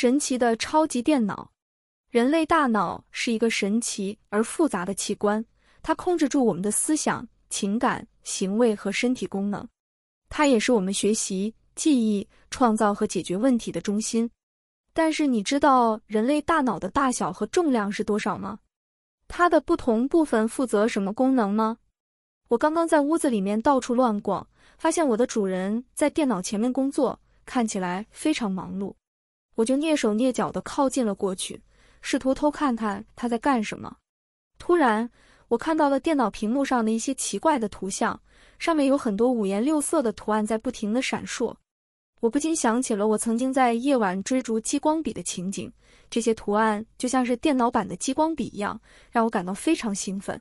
神奇的超級電腦，人類大腦是一個神奇而複雜的器官，它控制住我們的思想、情感、行為和身體功能，它也是我們學習、記憶、創造和解決問題的中心。但是你知道人類大腦的大小和重量是多少嗎？它的不同部分負責什麼功能嗎？我剛剛在屋子裡面到處亂逛，發現我的主人在電腦前面工作，看起來非常忙碌。我就躡手躡腳地靠近了過去，試圖偷看看他在幹什麼。突然，我看到了電腦屏幕上的一些奇怪的圖像，上面有很多五顏六色的圖案在不停地閃爍。我不禁想起了我曾經在夜晚追逐激光筆的情景，這些圖案就像是電腦版的激光筆一樣，讓我感到非常興奮。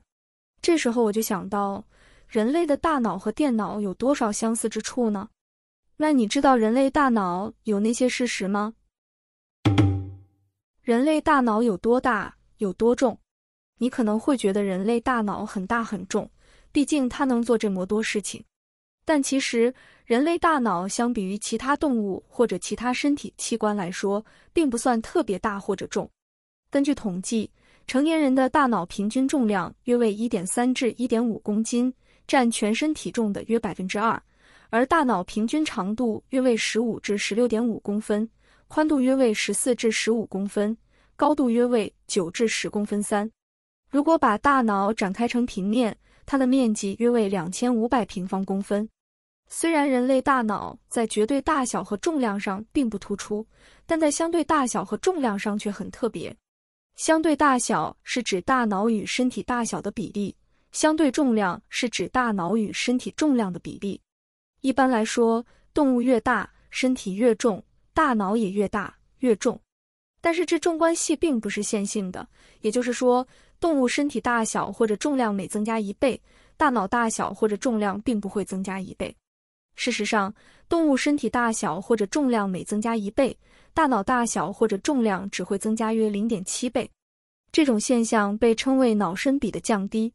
這時候，我就想到人類的大腦和電腦有多少相似之處呢？那你知道人類大腦有哪些事實嗎？人類大腦有多大，有多重？你可能會覺得人類大腦很大很重，畢竟它能做這麼多事情。但其實，人類大腦相比於其他動物或者其他身體器官來說，並不算特別大或者重。根據統計，成年人的大腦平均重量約為一點三至一點五公斤，占全身體重的約百分之二，而大腦平均長度約為十五至十六點五公分。寬度約為十四至十五公分，高度約為九至十公分。三，如果把大腦展開成平面，它的面積約為兩千五百平方公分。雖然人類大腦在絕對大小和重量上並不突出，但在相對大小和重量上卻很特別。相對大小是指大腦與身體大小的比例，相對重量是指大腦與身體重量的比例。一般來說，動物越大，身體越重。大腦也越大越重，但是這種關係並不是線性的，也就是說，動物身體大小或者重量每增加一倍，大腦大小或者重量並不會增加一倍。事實上，動物身體大小或者重量每增加一倍，大腦大小或者重量只會增加約零點七倍。這種現象被稱為腦身比的降低。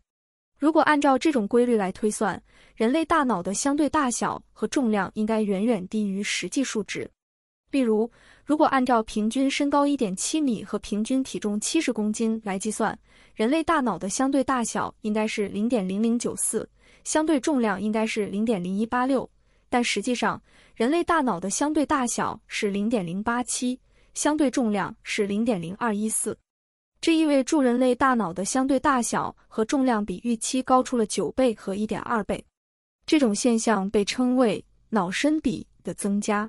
如果按照這種規律來推算，人類大腦的相對大小和重量應該遠遠低於實際數值。例如，如果按照平均身高一點七米和平均體重七十公斤來計算，人類大腦的相對大小應該是零點零零九四，相對重量應該是零點零一八六。但實際上，人類大腦的相對大小是零點零八七，相對重量是零點零二一四。這意味着人類大腦的相對大小和重量比預期高出了九倍和一點二倍。這種現象被稱為腦身比的增加。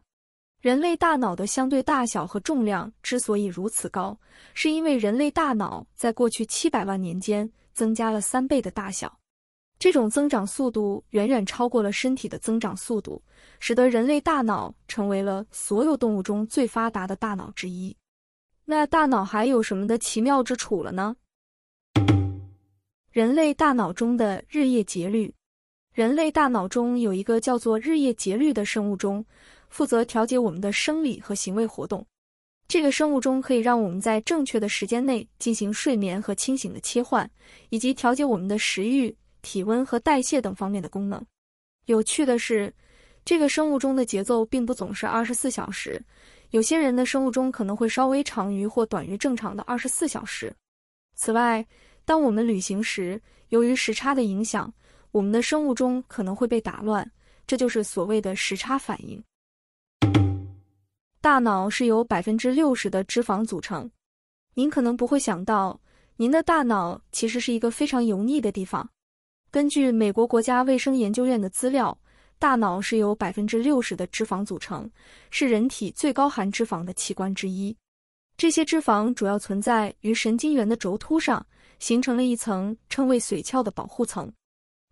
人類大腦的相對大小和重量之所以如此高，是因為人類大腦在過去七百萬年間增加了三倍的大小。這種增長速度遠遠超過了身體的增長速度，使得人類大腦成為了所有動物中最發達的大腦之一。那大腦還有什麼的奇妙之處了呢？人類大腦中的日夜節律。人類大腦中有一個叫做日夜節律的生物鐘，負責調節我們的生理和行為活動。這個生物鐘可以讓我們在正確的時間內進行睡眠和清醒的切換，以及調節我們的食欲、體溫和代謝等方面的功能。有趣的是，這個生物鐘的節奏並不總是二十四小時，有些人的生物鐘可能會稍微長於或短於正常的二十四小時。此外，當我們旅行時，由於時差的影響，我們的生物鐘可能會被打亂，這就是所謂的時差反應。大腦是由百分之六十的脂肪組成，您可能不會想到，您的大腦其實是一個非常油膩的地方。根據美國國家衛生研究院的資料，大腦是由百分之六十的脂肪組成，是人體最高含脂肪的器官之一。這些脂肪主要存在於神經元的軸突上，形成了一層稱為髓鞘的保護層。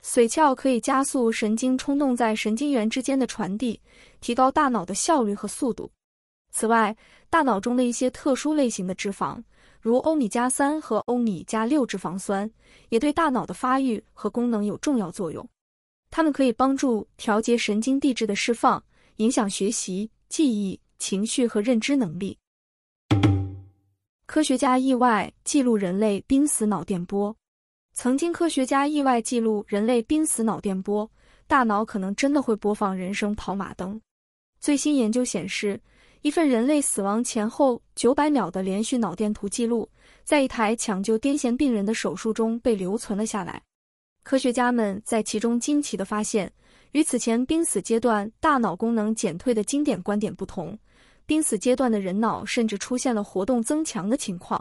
髓鞘可以加速神經衝動在神經元之間的傳遞，提高大腦的效率和速度。此外，大腦中的一些特殊類型的脂肪，如歐米伽三和歐米伽六脂肪酸，也對大腦的發育和功能有重要作用。它們可以幫助調節神經遞質的釋放，影響學習、記憶、情緒和認知能力。科學家意外記錄人類瀕死腦電波，曾經科學家意外記錄人類瀕死腦電波，大腦可能真的會播放人生跑馬燈。最新研究顯示，一份人類死亡前後九百秒的連續腦電圖記錄，在一台搶救癲癇病人的手術中被留存了下來。科學家們在其中驚奇地發現，與此前瀕死階段大腦功能減退的經典觀點不同，瀕死階段的人腦甚至出現了活動增強的情況，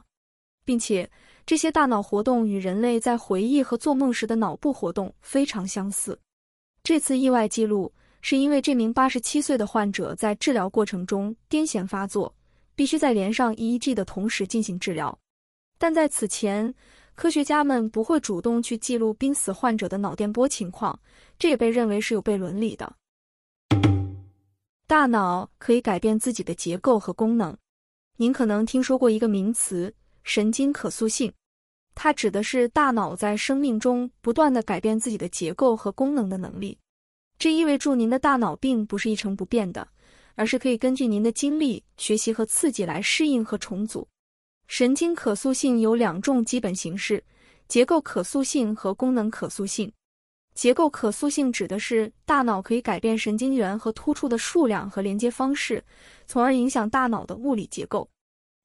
並且這些大腦活動與人類在回憶和做夢時的腦部活動非常相似。這次意外記錄。是因為這名八十七歲的患者在治療過程中癲癇發作，必須在連上 EEG 的同時進行治療。但在此前，科學家們不會主動去記錄瀕死患者的腦電波情況，這也被認為是有悖倫理的。大腦可以改變自己的結構和功能。您可能聽說過一個名詞——神經可塑性，它指的是大腦在生命中不斷地改變自己的結構和功能的能力。這意味着您的大腦並不是一成不變的，而是可以根據您的經歷、學習和刺激來適應和重組。神經可塑性有兩種基本形式：結構可塑性和功能可塑性。結構可塑性指的是大腦可以改變神經元和突觸的數量和連接方式，從而影響大腦的物理結構。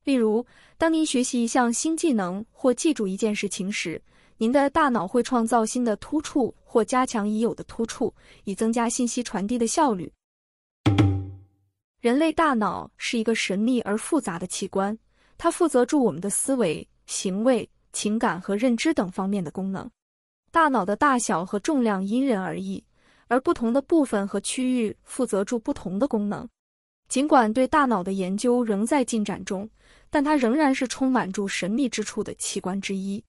例如，當您學習一項新技能或記住一件事情時。您的大腦會創造新的突觸或加強已有的突觸，以增加信息傳遞的效率。人類大腦是一個神秘而複雜的器官，它負責著我們的思維、行為、情感和認知等方面的功能。大腦的大小和重量因人而異，而不同的部分和區域負責著不同的功能。儘管對大腦的研究仍在進展中，但它仍然是充滿著神秘之處的器官之一。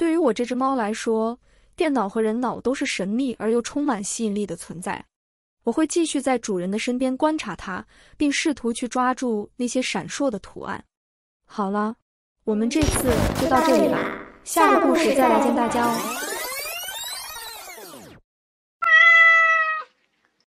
對於我這只貓來說，電腦和人腦都是神秘而又充滿吸引力的存在。我會繼續在主人的身邊觀察它，並試圖去抓住那些閃爍的圖案。好了，我們這次就到這裡吧，下個故事再來見大家哦。